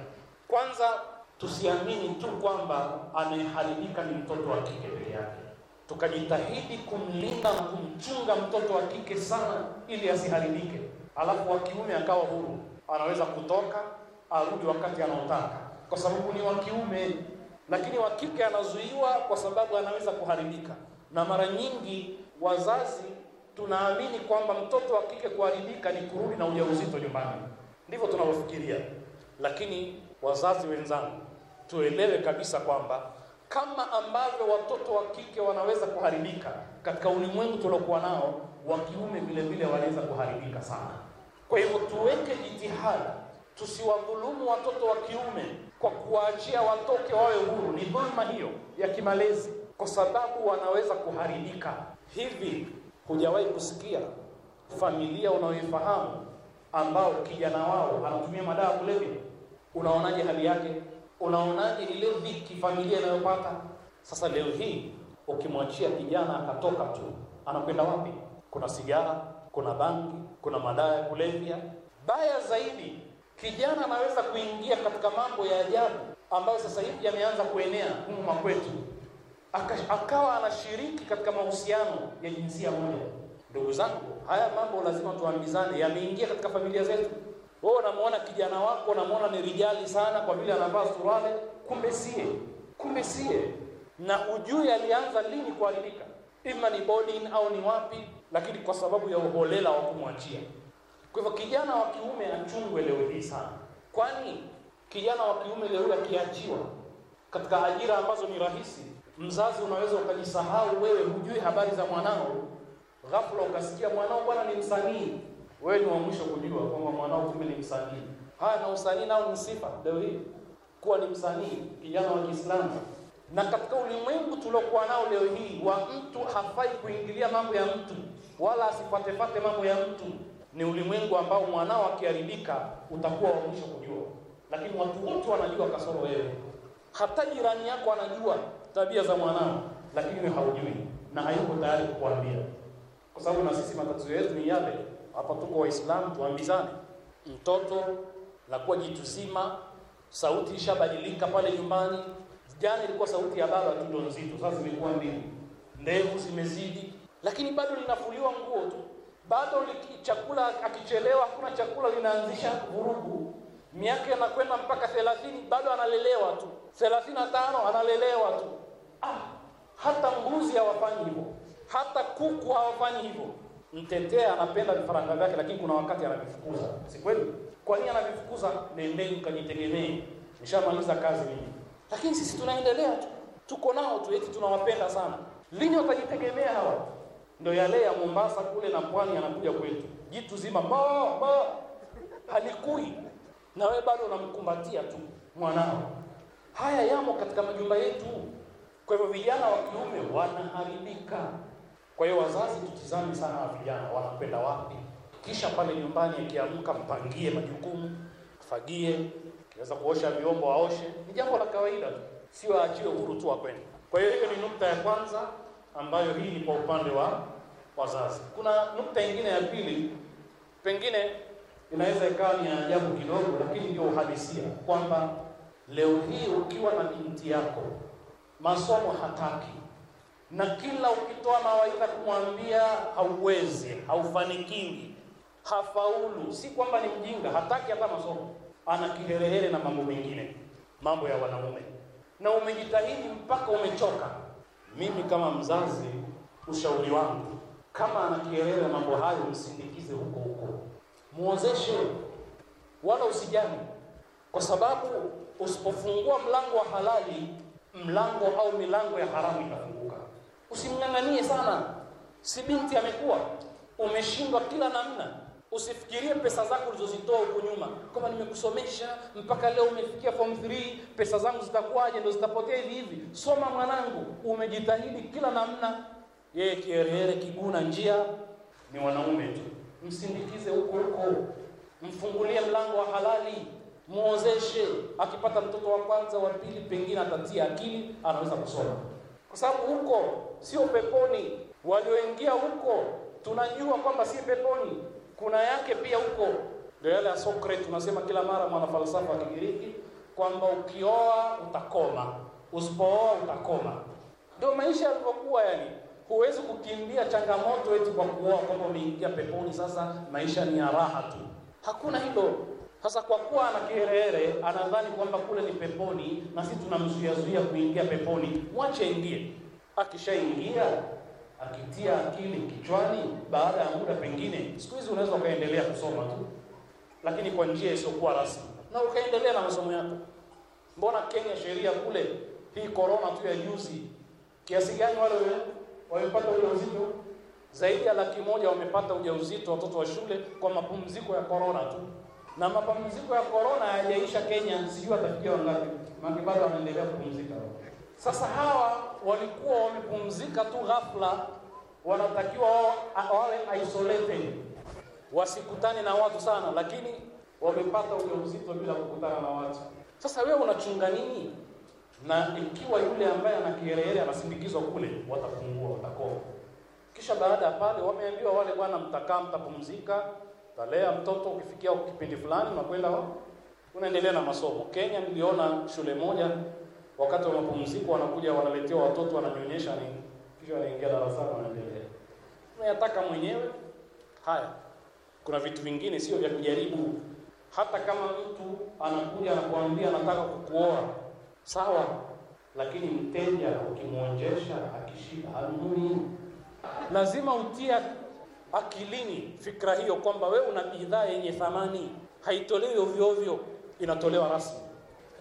Kwanza, tusiamini tu kwamba anayeharibika ni mtoto wa kike peke yake, tukajitahidi kumlinda kumchunga mtoto wa kike sana, ili asiharibike alafu wa kiume akawa huru, anaweza kutoka arudi wakati anaotaka, kwa sababu ni wa kiume. Lakini wa kike anazuiwa kwa sababu anaweza kuharibika, na mara nyingi wazazi tunaamini kwamba mtoto wa kike kuharibika ni kurudi na ujauzito nyumbani, ndivyo tunavyofikiria. Lakini wazazi wenzangu, tuelewe kabisa kwamba kama ambavyo watoto wa kike wanaweza kuharibika katika ulimwengu tuliokuwa nao, wa kiume vile vile wanaweza kuharibika sana. Kwa hivyo tuweke jitihada, tusiwadhulumu watoto wa kiume kwa kuwaachia watoke wawe huru, ni dhulma hiyo ya kimalezi, kwa sababu wanaweza kuharibika. Hivi hujawahi kusikia familia unayoifahamu ambao kijana wao anatumia madawa kulevya? Unaonaje hali yake? Unaonaje ile dhiki familia inayopata? Sasa leo hii ukimwachia kijana akatoka tu, anakwenda wapi? Kuna sigara, kuna bangi kuna madawa ya kulevya. Baya zaidi, kijana anaweza kuingia katika mambo ya ajabu ambayo sasa hivi yameanza kuenea humu kwetu, akawa anashiriki katika mahusiano ya jinsia moja. Ndugu zangu, haya mambo lazima tuambizane, yameingia katika familia zetu. Wewe unamwona kijana wako, unamwona ni rijali sana kwa vile anavaa suruali, kumbe sie, kumbe sie, na ujui alianza lini kuharibika, ima ni boarding au ni wapi lakini kwa sababu ya uholela wa kumwachia. Kwa hivyo kijana wa kiume achungwe leo hii sana, kwani kijana wa kiume leo akiachiwa katika ajira ambazo ni rahisi, mzazi unaweza ukajisahau wewe, hujui habari za mwanao, ghafla ukasikia mwanao bwana ni msanii, wewe ni wa mwisho kujua kwamba mwanao kumbe ni msanii. Haya, na usanii nao ni sifa leo hii, kuwa ni msanii kijana wa Kiislamu. Na katika ulimwengu tuliokuwa nao leo hii wa mtu hafai kuingilia mambo ya mtu wala asifatefate mambo ya mtu. Ni ulimwengu ambao mwanao akiharibika utakuwa wa mwisho kujua, lakini watu wote wanajua kasoro wewe. Hata jirani yako anajua tabia za mwanao, lakini wewe haujui na hayuko tayari kukuambia, kwa sababu na sisi matatizo yetu ni yale. Hapa tuko Waislamu, tuambizane. Mtoto la kuwa jitu zima, sauti ishabadilika pale nyumbani. Jana ilikuwa sauti ya baba tu ndo nzito, sasa zimekuwa mbili, ndevu zimezidi lakini bado linafuliwa nguo tu, bado chakula akichelewa, hakuna chakula, linaanzisha vurugu. Miaka inakwenda mpaka thelathini, bado analelewa tu, thelathini na tano analelewa tu. Ah, hata mbuzi hawafanyi hivyo, hata kuku hawafanyi hivyo. Mtetea anapenda vifaranga vyake, lakini kuna wakati anavifukuza, si kweli? Kwa nini anavifukuza? Nendeni mkajitegemee, nishamaliza kazi mimi. Lakini sisi tunaendelea tu, tuko nao tu, eti tunawapenda sana. Lini watajitegemea hawa? ndo yale ya Mombasa kule na pwani yanakuja kwetu, jitu zima ba ba halikui, na wewe bado unamkumbatia tu mwanao. Haya yamo katika majumba yetu. Kwa hivyo vijana wa kiume wanaharibika. Kwa hiyo wazazi, tutizame sana wa vijana wanakwenda wapi, kisha pale nyumbani akiamka, mpangie majukumu, fagie, kiweza kuosha vyombo aoshe. Ni jambo la kawaida tu, sio uhuru tu wakwenda Kwa hiyo hiyo ni nukta ya kwanza ambayo hii ni kwa upande wa wazazi. Kuna nukta nyingine ya pili, pengine inaweza ikawa ni ajabu kidogo, lakini ndio uhalisia kwamba leo hii ukiwa na binti yako masomo hataki, na kila ukitoa mawaidha kumwambia hauwezi, haufanikiwi, hafaulu, si kwamba ni mjinga, hataki hata masomo, ana kiherehere na mambo mengine, mambo ya wanaume, na umejitahidi mpaka umechoka mimi kama mzazi, ushauri wangu, kama anakielewa mambo hayo, msindikize huko huko, muozeshe, wala usijani kwa sababu usipofungua mlango wa halali, mlango au milango ya haramu itafunguka. Usimng'ang'anie sana, si binti amekuwa, umeshindwa kila namna usifikirie pesa zako ulizozitoa huko nyuma kama nimekusomesha mpaka leo umefikia form 3 pesa zangu zitakuwaje ndo zitapotea hivi hivi soma mwanangu umejitahidi kila namna yeye kiherehere kiguna njia ni wanaume tu msindikize huko huko mfungulie mlango wa halali muozeshe akipata mtoto wa kwanza wa pili pengine atatia akili anaweza kusoma kwa sababu huko sio peponi walioingia huko tunajua kwamba si peponi kuna yake pia huko ndio yale ya Socrates tunasema kila mara mwanafalsafa wa Kigiriki kwamba ukioa utakoma, usipooa utakoma. Ndio maisha yalivyokuwa, yani huwezi kukimbia changamoto eti kwa kuoa kwamba umeingia peponi, sasa maisha ni ya raha tu. Hakuna hilo. Sasa kwa kuwa ana kiherehere, anadhani kwamba kule ni peponi na sisi tunamzuiazuia kuingia peponi. Mwache ingie, akishaingia akitia akili kichwani, baada ya muda, pengine siku hizi unaweza ukaendelea kusoma tu, lakini kwa njia isiyokuwa rasmi, na ukaendelea na masomo yako. Mbona Kenya sheria kule, hii corona tu ya juzi, kiasi gani wale wamepata ujauzito zaidi ya laki moja wamepata ujauzito watoto wa shule kwa mapumziko ya corona tu, na mapumziko ya corona hayajaisha Kenya, sijui atafikia wangapi, maana bado wanaendelea kupumzika. Sasa hawa walikuwa wamepumzika tu ghafla, wanatakiwa wawe isolated, wasikutane na watu sana, lakini wamepata ujauzito bila kukutana na watu. Sasa wewe unachunga nini? Na ikiwa yule ambaye ana kiherehere anasindikizwa kule, watafungua watakoa. Kisha baada ya pale, wameambiwa wale, bwana, mtakaa, mtapumzika, talea mtoto, ukifikia kipindi fulani unakwenda unaendelea na masomo. Kenya niliona shule moja wakati wa mapumziko wanakuja wanaletea watoto wananyonyesha ni kisha wanaingia darasani wanaendelea. Unayataka mwenyewe haya. Kuna vitu vingine sio vya kujaribu. Hata kama mtu anakuja anakuambia anataka kukuoa, sawa, lakini mteja ukimwonjesha akishiba hanuni Lazima utia akilini fikra hiyo kwamba we una bidhaa yenye thamani, haitolewi ovyo ovyo, inatolewa rasmi.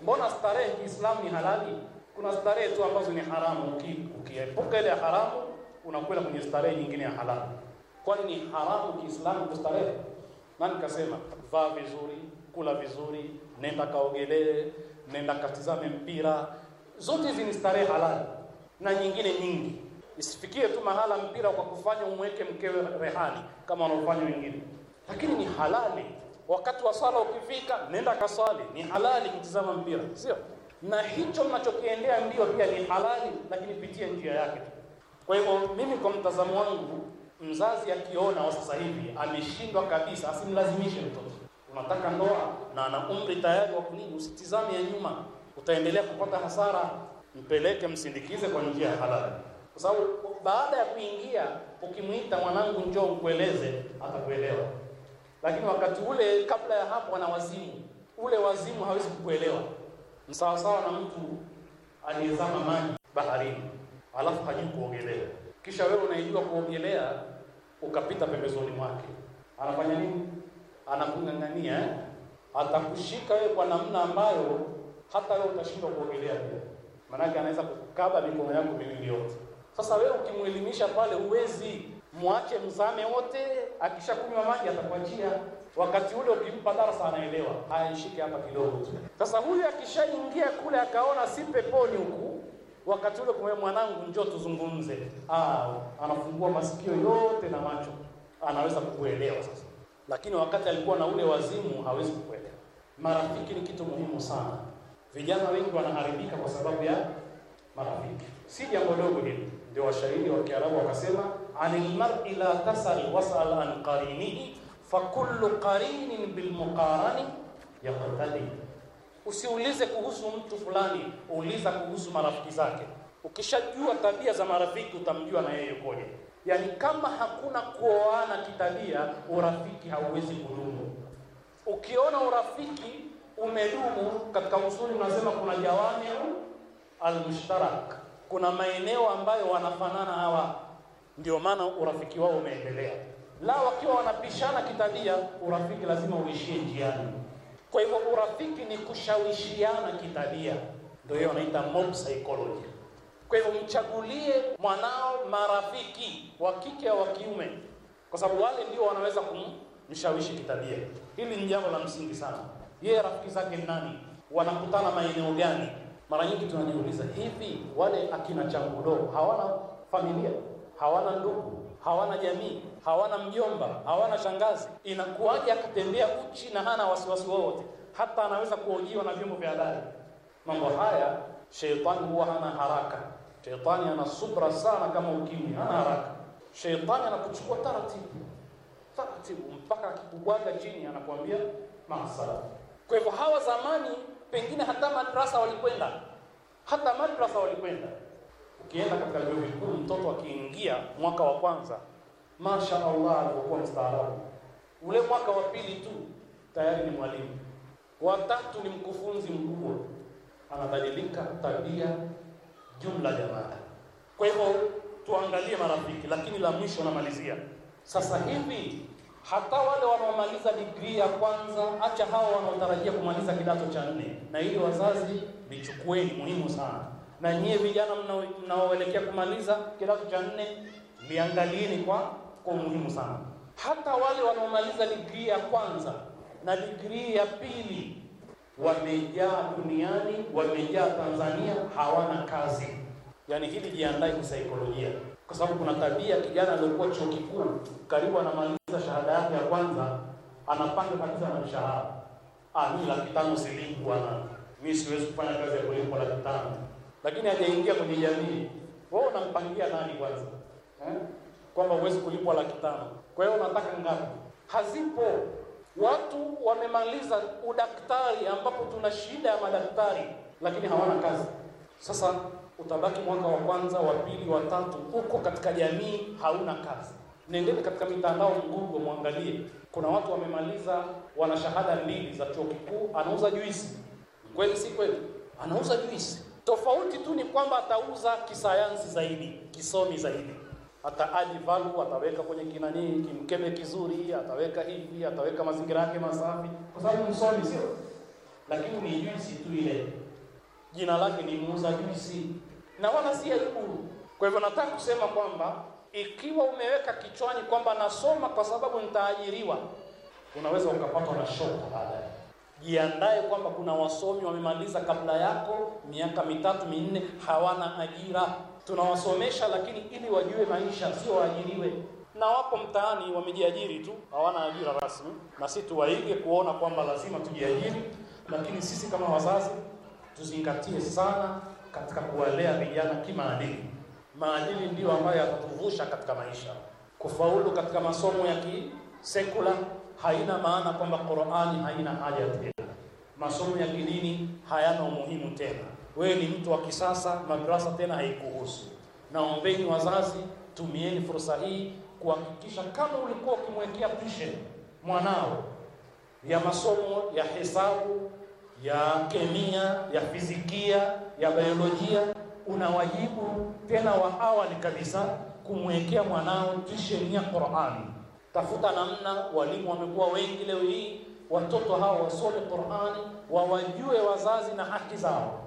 Mbona starehe Kiislamu ni halali? Kuna starehe tu ambazo ni haramu. Ukiepuka ile haramu, unakwenda kwenye starehe nyingine ya halali. Kwani ni haramu Kiislamu kustarehe? Nani kasema? Vaa vizuri, kula vizuri, nenda kaogelee, nenda katizame mpira. Zote hizi ni starehe halali na nyingine nyingi. Isifikie tu mahala mpira kwa kufanya umweke mkewe rehani kama wanaofanya wengine, lakini ni halali. Wakati wa swala ukifika, nenda kaswali. Ni halali kutizama mpira, sio? Na hicho mnachokiendea ndio pia ni halali, lakini pitie njia yake. Kwa hivyo mimi, kwa mtazamo wangu, mzazi akiona wa sasa hivi ameshindwa kabisa, asimlazimishe mtoto. Unataka ndoa na ana umri tayari wa kunini, usitizame ya nyuma, utaendelea kupata hasara. Mpeleke, msindikize kwa njia ya halali, kwa sababu baada ya kuingia, ukimwita mwanangu, njoo ukueleze atakuelewa lakini wakati ule kabla ya hapo ana wazimu. Ule wazimu hawezi kukuelewa, msawasawa na mtu aliyezama maji baharini, alafu hajui kuogelea, kisha wewe unaijua kuogelea ukapita pembezoni mwake, anafanya nini? Anakung'ang'ania Atakushika wewe kwa namna ambayo hata wewe utashindwa kuogelea pia, maanake anaweza kukaba mikono yako miwili yote. Sasa wewe ukimwelimisha pale, huwezi mwache mzame wote, akishakunywa maji atakuachia. Wakati ule ukimpa darasa anaelewa, haya nishike hapa kidogo tu. Sasa huyu akishaingia kule akaona si peponi huku, wakati ule kumwambia mwanangu, njoo tuzungumze. Ah, anafungua masikio yote na macho, anaweza kukuelewa sasa. Lakini wakati alikuwa na ule wazimu hawezi kukuelewa. Marafiki ni kitu muhimu sana. Vijana wengi wanaharibika kwa sababu ya marafiki, si jambo dogo hili. Ndio washairi wa Kiarabu wakasema anil mar'i la tasal was'al an qarinihi fa kullu qarinin bil muqarani yaqtadi, usiulize kuhusu mtu fulani, uliza kuhusu marafiki zake. Ukishajua tabia za marafiki utamjua na yeye koje. Yaani, kama hakuna kuoana kitabia, urafiki hauwezi kudumu. Ukiona urafiki umedumu katika usuli, unasema kuna jawamiu almushtarak, kuna maeneo ambayo wanafanana hawa ndio maana urafiki wao umeendelea. La, wakiwa wanapishana kitabia, urafiki lazima uishie njiani. Kwa hivyo urafiki ni kushawishiana kitabia, ndio hiyo wanaita mob psychology. Kwa hivyo mchagulie mwanao marafiki wa kike au wa kiume, kwa sababu wale ndio wanaweza kumshawishi kitabia. Hili ni jambo la msingi sana. Yeye rafiki zake ni nani? Wanakutana maeneo gani? Mara nyingi tunajiuliza hivi, wale akina Changudo hawana familia? hawana ndugu, hawana jamii, hawana mjomba, hawana shangazi. Inakuwaje akatembea uchi na hana wasiwasi wowote, hata anaweza kuojiwa na vyombo vya habari? Mambo haya sheitani huwa hana haraka. Sheitani ana subra sana, kama ukimwi, hana haraka. Sheitani anakuchukua taratibu taratibu, mpaka akikubwaga chini anakuambia maasala. Kwa hivyo hawa zamani, pengine hata madrasa walikwenda, hata madrasa walikwenda ukienda katika vyuo vikuu mtoto akiingia mwaka wa kwanza masha Allah alivyokuwa mstaarabu ule mwaka wa pili tu tayari ni mwalimu wa tatu ni mkufunzi mkubwa anabadilika tabia jumla jamaa kwa hivyo tuangalie marafiki lakini la mwisho namalizia sasa hivi hata wale wanaomaliza digrii ya kwanza acha hao wanaotarajia kumaliza kidato cha nne na ili wazazi vichukueni muhimu sana na nyie vijana mnaoelekea kumaliza kidato cha nne liangalieni kwa kwa umuhimu sana. Hata wale wanaomaliza digrii ya kwanza na digrii ya pili wamejaa duniani, wamejaa Tanzania, hawana kazi. Yaani hili jiandae kisaikolojia, kwa sababu kuna tabia kijana aliyokuwa chuo kikuu karibu anamaliza shahada yake ya kwanza, anapanga kabisa na mshahara, ah, mimi laki tano silipwi bwana, mimi siwezi kufanya kazi ya kulipwa laki tano lakini hajaingia kwenye jamii, wewe unampangia nani kwanza eh? Kwamba huwezi kulipwa laki tano, kwa hiyo unataka ngapi? Hazipo. Watu wamemaliza udaktari, ambapo tuna shida ya madaktari, lakini hawana kazi. Sasa utabaki mwaka wa kwanza, wa pili, wa tatu, huko katika jamii, hauna kazi. Nendeni katika mitandao mgugo, mwangalie, kuna watu wamemaliza, wana shahada mbili za chuo kikuu, anauza juisi. Kweli si kweli? Anauza juisi Tofauti tu ni kwamba atauza kisayansi zaidi, kisomi zaidi, hata ali valu ataweka kwenye kinanii, kimkeme kizuri, ataweka hivi, ataweka mazingira yake masafi, kwa sababu msomi sio, lakini ni juisi tu ile, jina lake ni muuza juisi na wala si elimu. Kwa hivyo nataka kusema kwamba ikiwa umeweka kichwani kwamba nasoma kwa sababu nitaajiriwa, unaweza ukapatwa na shoko baadaye jiandae kwamba kuna wasomi wamemaliza kabla yako miaka mitatu minne, hawana ajira. Tunawasomesha lakini ili wajue maisha, sio waajiriwe. Na wapo mtaani wamejiajiri tu, hawana ajira rasmi, na sisi tuwaige kuona kwamba lazima tujiajiri, lakini sisi kama wazazi tuzingatie sana katika kuwalea vijana kimaadili. Maadili ndiyo ambayo yatatuvusha katika maisha. Kufaulu katika masomo ya kisekula haina maana kwamba Qur'ani haina haja masomo ya kidini hayana umuhimu tena. Wewe ni mtu wa kisasa, madrasa tena haikuhusu. Naombeni wazazi, tumieni fursa hii kuhakikisha kama ulikuwa ukimwekea tuition mwanao ya masomo ya hesabu, ya kemia, ya fizikia, ya biolojia, una wajibu tena wa awali kabisa kumwekea mwanao tuition ya Qur'ani. Tafuta namna, walimu wamekuwa wengi leo hii watoto hao wasome Qur'ani, wawajue wazazi na haki zao,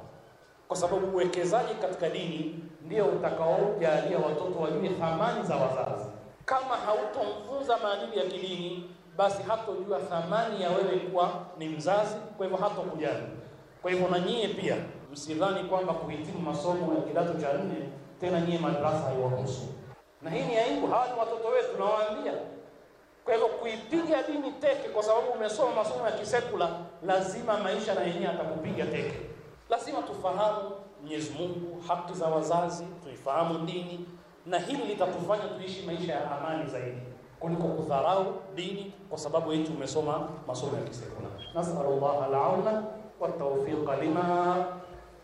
kwa sababu uwekezaji katika dini ndio utakaojalia watoto wajue thamani za wazazi. Kama hautomfunza maadili ya kidini, basi hatojua thamani ya wewe kuwa ni mzazi, kwa hivyo hatokujali. Kwa hivyo na nyie pia msidhani kwamba kuhitimu masomo ya kidato cha nne tena nyie madrasa haiwahusu, na hii ni aibu. Hawa ni watoto wetu, tunawaambia kwa hivyo kuipiga dini teke, kwa sababu umesoma masomo ya kisekula, lazima maisha na yenyewe atakupiga teke. Lazima tufahamu Mwenyezi Mungu, haki za wazazi, tuifahamu dini, na hili litatufanya tuishi maisha ya amani zaidi kuliko kudharau dini kwa sababu eti umesoma masomo ya kisekula. Nasallallahu alauna wa tawfiqa lima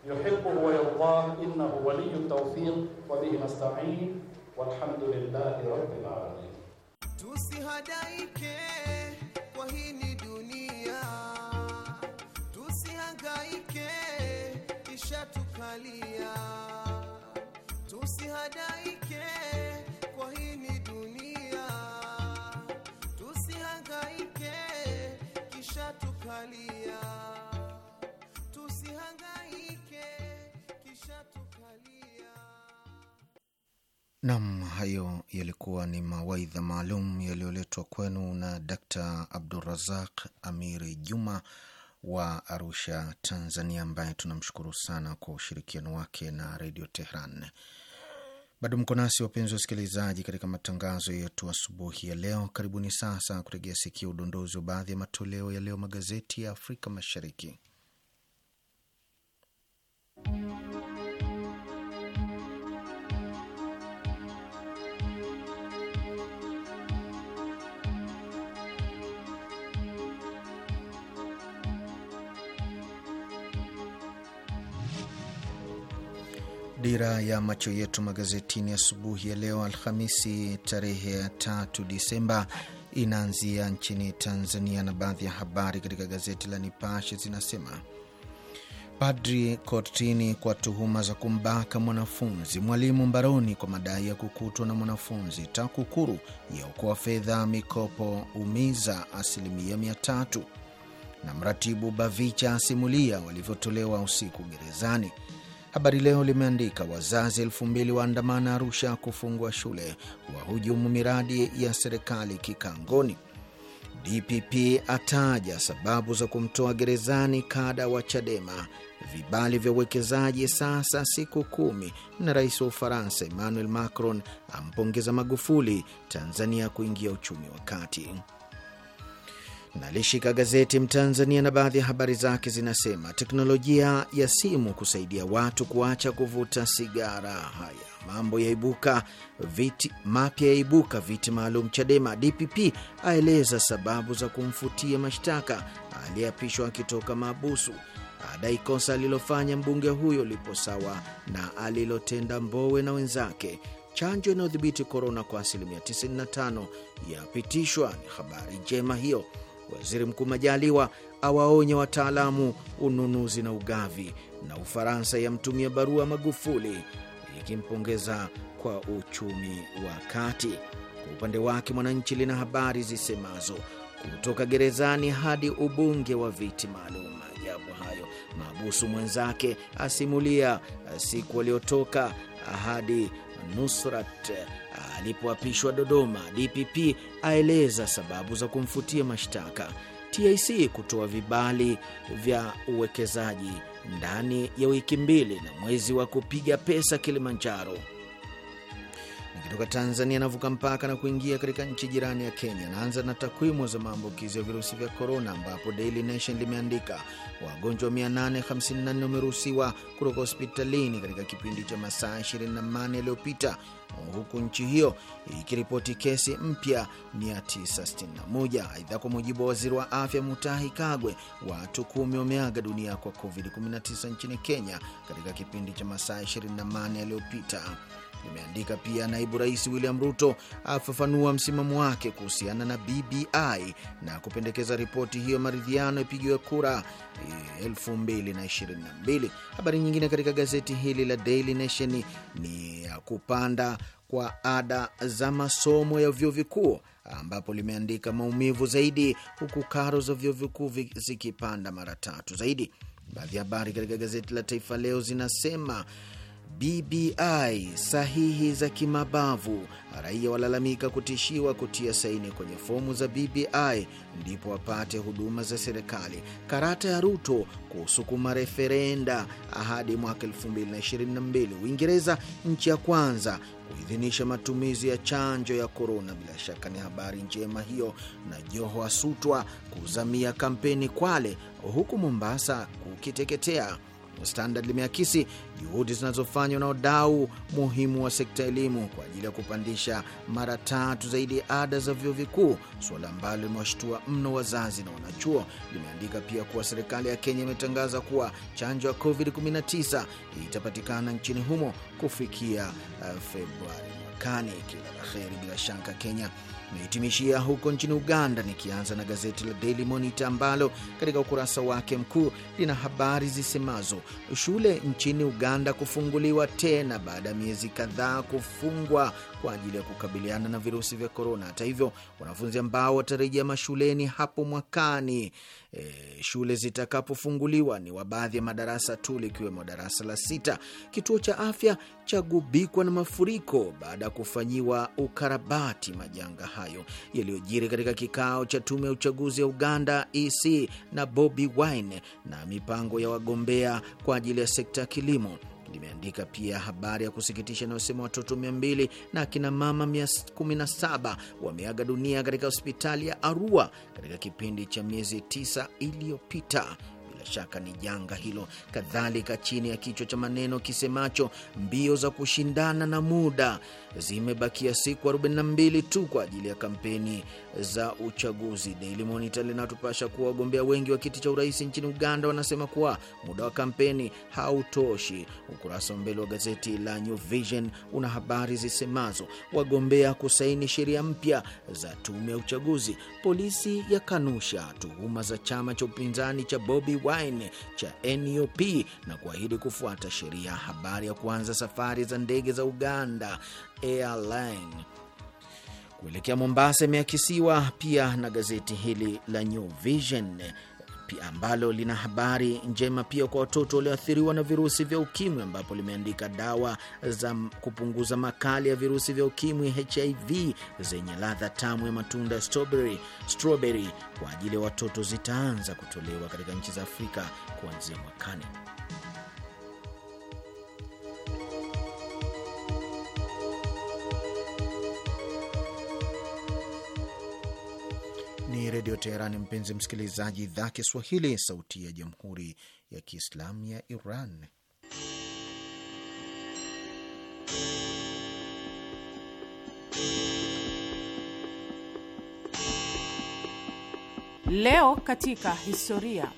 yuhibbu wa yarda innahu waliyyu tawfiq wa bihi nasta'in walhamdulillahi rabbil alamin. Tusihadaike kwa hii ni dunia, tusihangaike kisha tukalia. Tusihadaike kwa hii ni dunia, tusihangaike kisha tukalia. Nam, hayo yalikuwa ni mawaidha maalum yaliyoletwa kwenu na Dakta Abdurazaq Amiri Juma wa Arusha, Tanzania, ambaye tunamshukuru sana kwa ushirikiano wake na Redio Tehran. Bado mko nasi wapenzi wa wasikilizaji, katika matangazo yetu asubuhi ya leo. Karibuni sasa kutegea sikia udondozi wa baadhi ya matoleo ya leo magazeti ya Afrika Mashariki. Dira ya macho yetu magazetini asubuhi ya, ya leo Alhamisi tarehe ya tatu Disemba inaanzia nchini Tanzania, na baadhi ya habari katika gazeti la Nipashe zinasema padri kotini kwa tuhuma za kumbaka mwanafunzi, mwalimu mbaroni kwa madai ya kukutwa na mwanafunzi, TAKUKURU yaokoa fedha mikopo umiza asilimia mia tatu, na mratibu Bavicha asimulia walivyotolewa usiku gerezani. Habari Leo limeandika wazazi elfu mbili waandamana Arusha kufungwa shule, wahujumu miradi ya serikali kikangoni. DPP ataja sababu za kumtoa gerezani kada wa Chadema. Vibali vya uwekezaji sasa siku kumi, na rais wa Ufaransa Emmanuel Macron ampongeza Magufuli Tanzania kuingia uchumi wa kati nalishika gazeti Mtanzania na baadhi ya habari zake zinasema teknolojia ya simu kusaidia watu kuacha kuvuta sigara. Haya mambo yaibuka viti mapya yaibuka viti maalum Chadema. DPP aeleza sababu za kumfutia mashtaka aliyeapishwa akitoka mahabusu, adai kosa alilofanya mbunge huyo lipo sawa na alilotenda Mbowe na wenzake. Chanjo inayodhibiti korona kwa asilimia 95 yapitishwa. Ni habari njema hiyo. Waziri Mkuu Majaliwa awaonya wataalamu ununuzi na ugavi, na Ufaransa yamtumia barua Magufuli ikimpongeza kwa uchumi wa kati. Kwa upande wake, Mwananchi lina habari zisemazo kutoka gerezani hadi ubunge wa viti maalum. Maabusu mwenzake asimulia eh, siku aliyotoka eh, hadi Nusrat eh, alipoapishwa Dodoma. DPP aeleza sababu za kumfutia mashtaka. TIC kutoa vibali vya uwekezaji ndani ya wiki mbili, na mwezi wa kupiga pesa Kilimanjaro kutoka Tanzania anavuka mpaka na kuingia katika nchi jirani ya Kenya. Anaanza na takwimu za maambukizi ya virusi vya korona, ambapo Daily Nation limeandika wagonjwa 854 wameruhusiwa kutoka hospitalini katika kipindi cha masaa 24 yaliyopita, huku nchi hiyo ikiripoti kesi mpya 961. Aidha, kwa mujibu wa waziri wa afya Mutahi Kagwe, watu kumi wameaga dunia kwa COVID-19 nchini Kenya katika kipindi cha masaa 24 yaliyopita limeandika pia, naibu rais William Ruto afafanua msimamo wake kuhusiana na BBI na kupendekeza ripoti hiyo maridhiano ipigiwe kura 2022. Habari nyingine katika gazeti hili la Daily Nation ni ya kupanda kwa ada za masomo ya vyuo vikuu ambapo limeandika maumivu zaidi, huku karo za vyuo vikuu zikipanda mara tatu zaidi. Baadhi ya habari katika gazeti la Taifa Leo zinasema BBI sahihi za kimabavu, raia walalamika kutishiwa kutia saini kwenye fomu za BBI ndipo wapate huduma za serikali. Karata ya Ruto kusukuma referenda ahadi mwaka 2022. Uingereza nchi ya kwanza kuidhinisha matumizi ya chanjo ya korona. Bila shaka ni habari njema hiyo. Na Joho asutwa kuzamia kampeni Kwale, huku Mombasa kukiteketea. Standard limeakisi juhudi zinazofanywa na wadau muhimu wa sekta elimu kwa ajili ya kupandisha mara tatu zaidi ya ada za vyuo vikuu, suala ambalo limewashtua mno wazazi na wanachuo. Limeandika pia kuwa serikali ya Kenya imetangaza kuwa chanjo ya COVID-19 itapatikana nchini humo kufikia eh, Februari Marekani. Kila la heri bila shaka Kenya. Nahitimishia huko nchini Uganda, nikianza na gazeti la Daily Monitor ambalo katika ukurasa wake mkuu lina habari zisemazo shule nchini Uganda kufunguliwa tena baada ya miezi kadhaa kufungwa kwa ajili ya kukabiliana na virusi vya korona. Hata hivyo, wanafunzi ambao watarejea mashuleni hapo mwakani e, shule zitakapofunguliwa ni wa baadhi ya madarasa tu likiwemo darasa la sita. Kituo cha afya chagubikwa na mafuriko baada ya kufanyiwa ukarabati majanga hayo yaliyojiri katika kikao cha tume ya uchaguzi ya Uganda EC na Bobi Wine na mipango ya wagombea kwa ajili ya sekta ya kilimo limeandika pia habari ya kusikitisha inayosema watoto 200 na akina mama 117 wameaga dunia katika hospitali ya Arua katika kipindi cha miezi 9 iliyopita bila shaka ni janga hilo. Kadhalika, chini ya kichwa cha maneno kisemacho mbio za kushindana na muda, zimebakia siku 42 tu kwa ajili ya kampeni za uchaguzi. Daily Monitor linatupasha kuwa wagombea wengi wa kiti cha urais nchini Uganda wanasema kuwa muda wa kampeni hautoshi. Ukurasa wa mbele wa gazeti la New Vision una habari zisemazo wagombea kusaini sheria mpya za tume ya uchaguzi, polisi yakanusha tuhuma za chama cha upinzani cha Bobi Wine cha NUP na kuahidi kufuata sheria. Habari ya kuanza safari za ndege za Uganda Airline kuelekea Mombasa imeakisiwa pia na gazeti hili la New Vision ambalo lina habari njema pia kwa watoto walioathiriwa na virusi vya ukimwi, ambapo limeandika dawa za kupunguza makali ya virusi vya ukimwi HIV zenye ladha tamu ya matunda strawberry, strawberry kwa ajili ya watoto zitaanza kutolewa katika nchi za Afrika kuanzia mwakani. ni Redio Teherani, mpenzi msikilizaji, idhaa Kiswahili, sauti ya jamhuri ya kiislamu ya Iran. Leo katika historia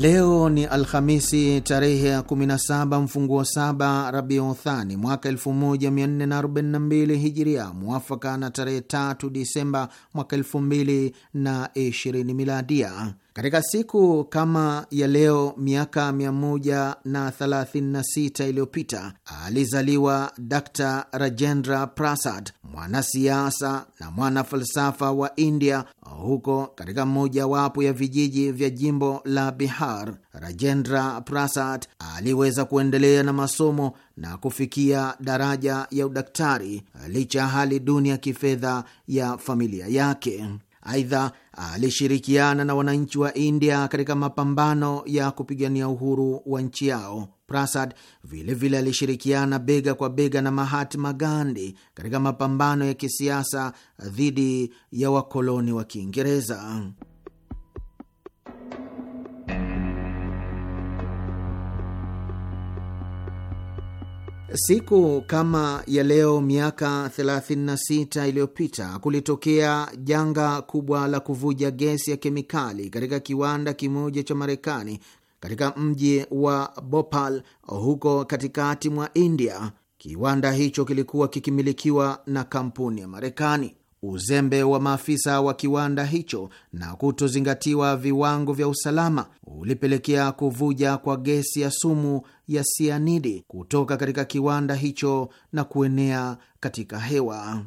Leo ni Alhamisi tarehe ya 17 mfunguo saba Rabiu Thani mwaka 1442 Hijiria, mwafaka na tarehe 3 Disemba mwaka 2020 Miladia. Katika siku kama ya leo miaka 136 iliyopita alizaliwa Dr Rajendra Prasad, mwanasiasa na mwana falsafa wa India, huko katika mojawapo ya vijiji vya jimbo la Bihar. Rajendra Prasad aliweza kuendelea na masomo na kufikia daraja ya udaktari licha ya hali duni ya kifedha ya familia yake. Aidha, alishirikiana na wananchi wa India katika mapambano ya kupigania uhuru wa nchi yao. Prasad vilevile alishirikiana bega kwa bega na Mahatma Gandhi katika mapambano ya kisiasa dhidi ya wakoloni wa Kiingereza. Siku kama ya leo miaka 36 iliyopita kulitokea janga kubwa la kuvuja gesi ya kemikali katika kiwanda kimoja cha Marekani katika mji wa Bhopal huko katikati mwa India. Kiwanda hicho kilikuwa kikimilikiwa na kampuni ya Marekani. Uzembe wa maafisa wa kiwanda hicho na kutozingatiwa viwango vya usalama ulipelekea kuvuja kwa gesi ya sumu ya sianidi kutoka katika kiwanda hicho na kuenea katika hewa.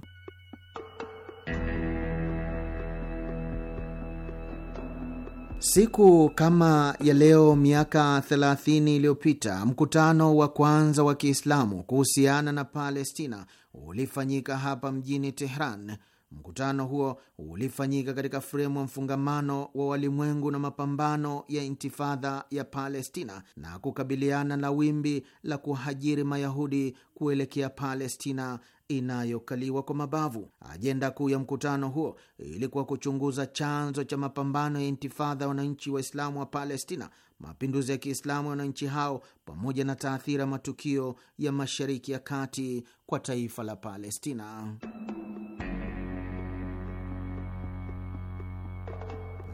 Siku kama ya leo miaka 30 iliyopita mkutano wa kwanza wa Kiislamu kuhusiana na Palestina ulifanyika hapa mjini Tehran. Mkutano huo ulifanyika katika fremu ya mfungamano wa walimwengu na mapambano ya intifadha ya Palestina na kukabiliana na wimbi la kuhajiri Mayahudi kuelekea Palestina inayokaliwa kwa mabavu. Ajenda kuu ya mkutano huo ilikuwa kuchunguza chanzo cha mapambano ya intifadha ya wananchi Waislamu wa Palestina, mapinduzi ya Kiislamu ya wananchi hao, pamoja na taathira matukio ya Mashariki ya Kati kwa taifa la Palestina.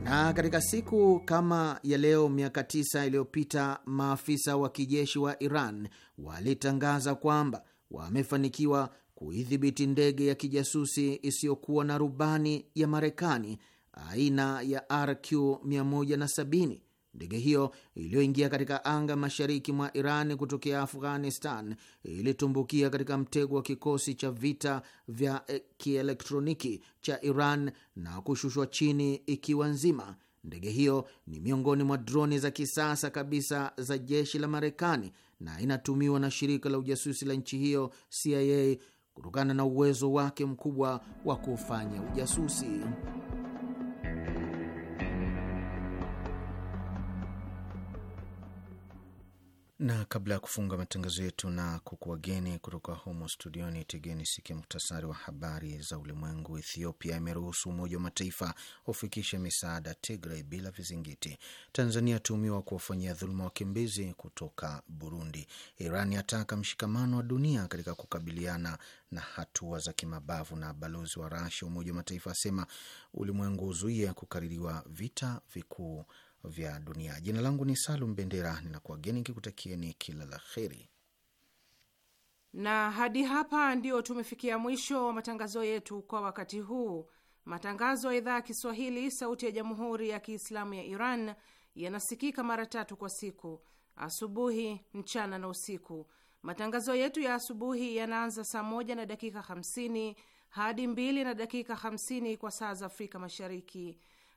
Na katika siku kama ya leo miaka tisa iliyopita maafisa wa kijeshi wa Iran walitangaza kwamba wamefanikiwa kuidhibiti ndege ya kijasusi isiyokuwa na rubani ya Marekani aina ya RQ 170 Ndege hiyo iliyoingia katika anga mashariki mwa Iran kutokea Afghanistan ilitumbukia katika mtego wa kikosi cha vita vya eh, kielektroniki cha Iran na kushushwa chini ikiwa nzima. Ndege hiyo ni miongoni mwa droni za kisasa kabisa za jeshi la Marekani na inatumiwa na shirika la ujasusi la nchi hiyo CIA kutokana na uwezo wake mkubwa wa kufanya ujasusi. na kabla ya kufunga matangazo yetu na kukuageni kutoka humo studioni, tegeni sikia muktasari wa habari za ulimwengu. Ethiopia imeruhusu Umoja wa Mataifa ufikishe misaada Tigray bila vizingiti. Tanzania atuhumiwa kuwafanyia dhuluma wakimbizi kutoka Burundi. Iran yataka mshikamano wa dunia katika kukabiliana na hatua za kimabavu, na balozi wa Rasia Umoja wa Mataifa asema ulimwengu huzuia kukaririwa vita vikuu vya dunia. Jina langu ni Salum Bendera, ninakuwageni kikutakieni kila la kheri na hadi hapa ndio tumefikia mwisho wa matangazo yetu kwa wakati huu. Matangazo ya idhaa ya Kiswahili sauti ya jamhuri ya Kiislamu ya Iran yanasikika mara tatu kwa siku: asubuhi, mchana na usiku. Matangazo yetu ya asubuhi yanaanza saa moja na dakika hamsini hadi mbili na dakika hamsini kwa saa za Afrika Mashariki.